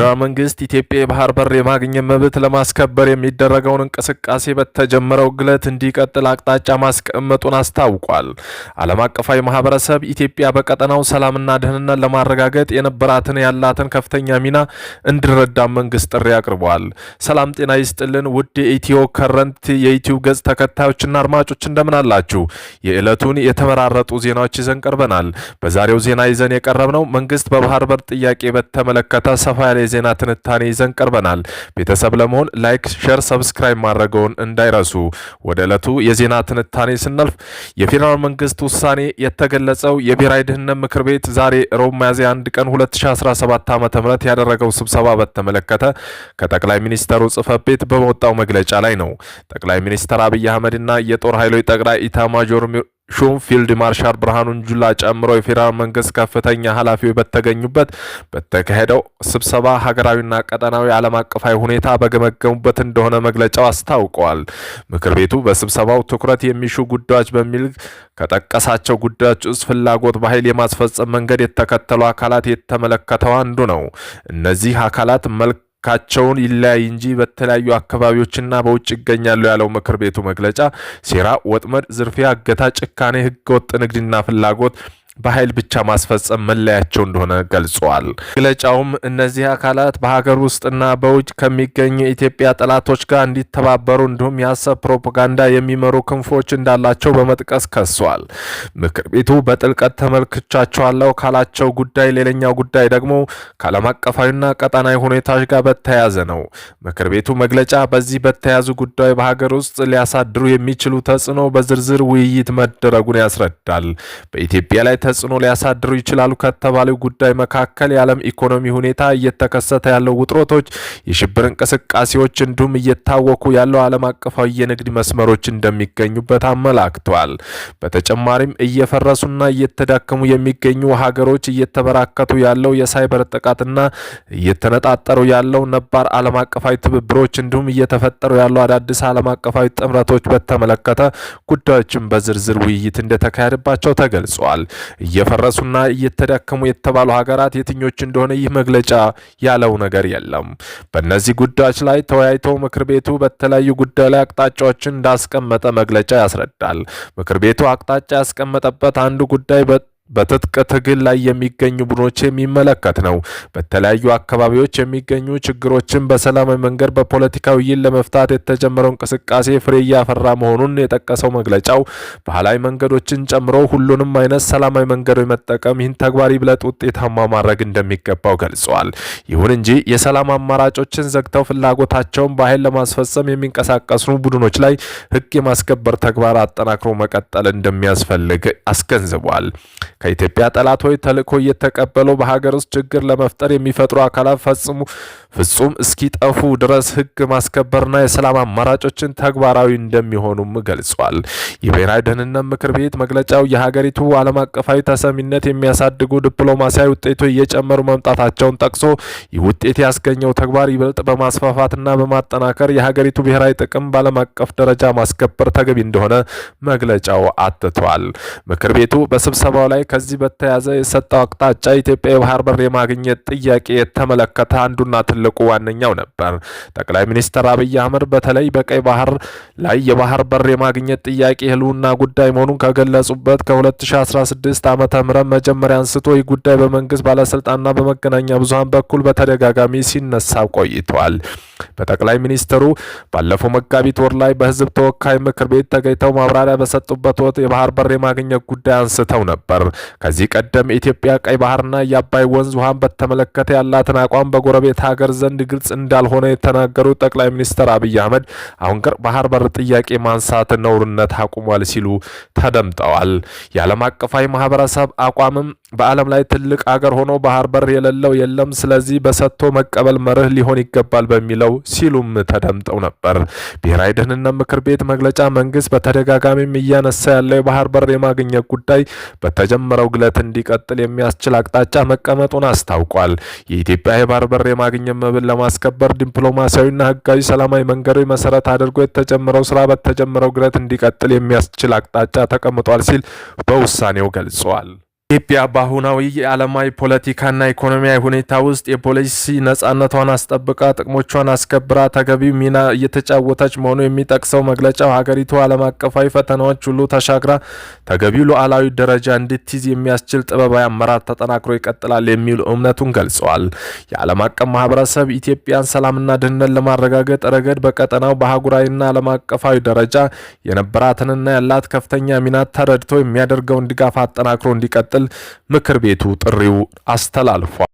የኢትዮጵያ መንግስት ኢትዮጵያ የባህር በር የማግኘት መብት ለማስከበር የሚደረገውን እንቅስቃሴ በተጀመረው ግለት እንዲቀጥል አቅጣጫ ማስቀመጡን አስታውቋል። ዓለም አቀፋዊ ማህበረሰብ ኢትዮጵያ በቀጠናው ሰላምና ደህንነት ለማረጋገጥ የነበራትን ያላትን ከፍተኛ ሚና እንዲረዳ መንግስት ጥሪ አቅርቧል። ሰላም ጤና ይስጥልን ውድ የኢትዮ ከረንት የዩቲዩብ ገጽ ተከታዮችና አድማጮች እንደምን አላችሁ? የዕለቱን የተመራረጡ ዜናዎች ይዘን ቀርበናል። በዛሬው ዜና ይዘን የቀረብነው መንግስት በባህር በር ጥያቄ በተመለከተ ሰፋ ያለ የዜና ትንታኔ ይዘን ቀርበናል። ቤተሰብ ለመሆን ላይክ፣ ሸር፣ ሰብስክራይብ ማድረገውን እንዳይረሱ። ወደ ዕለቱ የዜና ትንታኔ ስናልፍ የፌዴራል መንግስት ውሳኔ የተገለጸው የብሔራዊ ደህንነት ምክር ቤት ዛሬ ሮብ ሚያዝያ 1 ቀን 2017 ዓ ም ያደረገው ስብሰባ በተመለከተ ከጠቅላይ ሚኒስተሩ ጽህፈት ቤት በመወጣው መግለጫ ላይ ነው። ጠቅላይ ሚኒስትር አብይ አህመድና የጦር ኃይሎች ጠቅላይ ኢታማጆር ሹም ፊልድ ማርሻል ብርሃኑን ጁላ ጨምሮ የፌዴራል መንግስት ከፍተኛ ኃላፊዎች በተገኙበት በተካሄደው ስብሰባ ሀገራዊና ቀጠናዊ ዓለም አቀፋዊ ሁኔታ በገመገሙበት እንደሆነ መግለጫው አስታውቀዋል። ምክር ቤቱ በስብሰባው ትኩረት የሚሹ ጉዳዮች በሚል ከጠቀሳቸው ጉዳዮች ውስጥ ፍላጎት በኃይል የማስፈጸም መንገድ የተከተሉ አካላት የተመለከተው አንዱ ነው። እነዚህ አካላት መልክ ካቸውን ይለያይ እንጂ በተለያዩ አካባቢዎችና በውጭ ይገኛሉ ያለው ምክር ቤቱ መግለጫ ሴራ፣ ወጥመድ፣ ዝርፊያ፣ እገታ፣ ጭካኔ፣ ህገወጥ ንግድና ፍላጎት በኃይል ብቻ ማስፈጸም መለያቸው እንደሆነ ገልጸዋል። መግለጫውም እነዚህ አካላት በሀገር ውስጥና በውጭ ከሚገኙ የኢትዮጵያ ጠላቶች ጋር እንዲተባበሩ እንዲሁም የሀሰብ ፕሮፓጋንዳ የሚመሩ ክንፎች እንዳላቸው በመጥቀስ ከሷል። ምክር ቤቱ በጥልቀት ተመልክቻቸዋለሁ ካላቸው ጉዳይ ሌላኛው ጉዳይ ደግሞ ከዓለም አቀፋዊና ቀጣናዊ ሁኔታዎች ጋር በተያያዘ ነው። ምክር ቤቱ መግለጫ በዚህ በተያያዙ ጉዳይ በሀገር ውስጥ ሊያሳድሩ የሚችሉ ተጽዕኖ በዝርዝር ውይይት መደረጉን ያስረዳል። በኢትዮጵያ ላይ ተጽዕኖ ሊያሳድሩ ይችላሉ ከተባለው ጉዳይ መካከል የዓለም ኢኮኖሚ ሁኔታ፣ እየተከሰተ ያለው ውጥረቶች፣ የሽብር እንቅስቃሴዎች እንዲሁም እየታወኩ ያለው ዓለም አቀፋዊ የንግድ መስመሮች እንደሚገኙበት አመላክተዋል። በተጨማሪም እየፈረሱና እየተዳከሙ የሚገኙ ሀገሮች፣ እየተበራከቱ ያለው የሳይበር ጥቃትና እየተነጣጠሩ ያለው ነባር ዓለም አቀፋዊ ትብብሮች እንዲሁም እየተፈጠሩ ያሉ አዳዲስ ዓለም አቀፋዊ ጥምረቶች በተመለከተ ጉዳዮችን በዝርዝር ውይይት እንደተካሄደባቸው ተገልጿል። እየፈረሱና እየተዳከሙ የተባሉ ሀገራት የትኞች እንደሆነ ይህ መግለጫ ያለው ነገር የለም። በእነዚህ ጉዳዮች ላይ ተወያይተው ምክር ቤቱ በተለያዩ ጉዳዮች ላይ አቅጣጫዎችን እንዳስቀመጠ መግለጫ ያስረዳል። ምክር ቤቱ አቅጣጫ ያስቀመጠበት አንዱ ጉዳይ በትጥቅ ትግል ላይ የሚገኙ ቡድኖች የሚመለከት ነው። በተለያዩ አካባቢዎች የሚገኙ ችግሮችን በሰላማዊ መንገድ በፖለቲካዊ ውይይት ለመፍታት የተጀመረው እንቅስቃሴ ፍሬ እያፈራ መሆኑን የጠቀሰው መግለጫው ባህላዊ መንገዶችን ጨምሮ ሁሉንም አይነት ሰላማዊ መንገዶች መጠቀም ይህን ተግባር ይብለጥ ውጤታማ ማድረግ እንደሚገባው ገልጿል። ይሁን እንጂ የሰላም አማራጮችን ዘግተው ፍላጎታቸውን በኃይል ለማስፈጸም የሚንቀሳቀሱ ቡድኖች ላይ ህግ የማስከበር ተግባር አጠናክሮ መቀጠል እንደሚያስፈልግ አስገንዝቧል። ከኢትዮጵያ ጠላቶች ተልእኮ እየተቀበለው በሀገር ውስጥ ችግር ለመፍጠር የሚፈጥሩ አካላት ፈጽሙ ፍጹም እስኪጠፉ ድረስ ህግ ማስከበርና የሰላም አማራጮችን ተግባራዊ እንደሚሆኑም ገልጿል። የብሔራዊ ደህንነት ምክር ቤት መግለጫው የሀገሪቱ ዓለም አቀፋዊ ተሰሚነት የሚያሳድጉ ዲፕሎማሲያዊ ውጤቶች እየጨመሩ መምጣታቸውን ጠቅሶ ይህ ውጤት ያስገኘው ተግባር ይበልጥ በማስፋፋትና በማጠናከር የሀገሪቱ ብሔራዊ ጥቅም በዓለም አቀፍ ደረጃ ማስከበር ተገቢ እንደሆነ መግለጫው አትቷል። ምክር ቤቱ በስብሰባው ላይ ከዚህ በተያያዘ የሰጠው አቅጣጫ ኢትዮጵያ የባህር በር የማግኘት ጥያቄ የተመለከተ አንዱና ትልቁ ዋነኛው ነበር። ጠቅላይ ሚኒስትር አብይ አህመድ በተለይ በቀይ ባህር ላይ የባህር በር የማግኘት ጥያቄ ህልውና ጉዳይ መሆኑን ከገለጹበት ከ2016 ዓ ም መጀመሪያ አንስቶ ይህ ጉዳይ በመንግስት ባለስልጣንና በመገናኛ ብዙሀን በኩል በተደጋጋሚ ሲነሳ ቆይቷል። በጠቅላይ ሚኒስትሩ ባለፈው መጋቢት ወር ላይ በህዝብ ተወካይ ምክር ቤት ተገኝተው ማብራሪያ በሰጡበት ወቅት የባህር በር የማግኘት ጉዳይ አንስተው ነበር። ከዚህ ቀደም የኢትዮጵያ ቀይ ባህርና የአባይ ወንዝ ውሃን በተመለከተ ያላትን አቋም በጎረቤት ሀገር ዘንድ ግልጽ እንዳልሆነ የተናገሩት ጠቅላይ ሚኒስትር አብይ አህመድ አሁን ቀር ባህር በር ጥያቄ ማንሳት ነውርነት አቁሟል ሲሉ ተደምጠዋል። የዓለም አቀፋዊ ማህበረሰብ አቋምም በዓለም ላይ ትልቅ አገር ሆኖ ባህር በር የሌለው የለም፣ ስለዚህ በሰጥቶ መቀበል መርህ ሊሆን ይገባል በሚለው ሲሉም ተደምጠው ነበር። ብሔራዊ ደህንነት ምክር ቤት መግለጫ መንግስት በተደጋጋሚም እያነሳ ያለው የባህር በር የማግኘት ጉዳይ በተጀመ በጀመረው ግለት እንዲቀጥል የሚያስችል አቅጣጫ መቀመጡን አስታውቋል። የኢትዮጵያ የባህር በር የማግኘት መብን ለማስከበር ዲፕሎማሲያዊና ህጋዊ ሰላማዊ መንገዶች መሰረት አድርጎ የተጀመረው ስራ በተጀመረው ግለት እንዲቀጥል የሚያስችል አቅጣጫ ተቀምጧል ሲል በውሳኔው ገልጿል። ኢትዮጵያ በአሁናዊ የዓለማዊ ፖለቲካና ኢኮኖሚያዊ ሁኔታ ውስጥ የፖሊሲ ነጻነቷን አስጠብቃ ጥቅሞቿን አስከብራ ተገቢው ሚና እየተጫወተች መሆኑ የሚጠቅሰው መግለጫው ሀገሪቱ ዓለም አቀፋዊ ፈተናዎች ሁሉ ተሻግራ ተገቢው ሉዓላዊ ደረጃ እንድትይዝ የሚያስችል ጥበባዊ አመራር ተጠናክሮ ይቀጥላል የሚል እምነቱን ገልጸዋል። የዓለም አቀፍ ማህበረሰብ ኢትዮጵያን ሰላምና ደህንነት ለማረጋገጥ ረገድ በቀጠናው በአህጉራዊና ዓለም አቀፋዊ ደረጃ የነበራትንና ያላት ከፍተኛ ሚና ተረድቶ የሚያደርገውን ድጋፍ አጠናክሮ እንዲቀጥል እንዲቀጥል ምክር ቤቱ ጥሪው አስተላልፏል።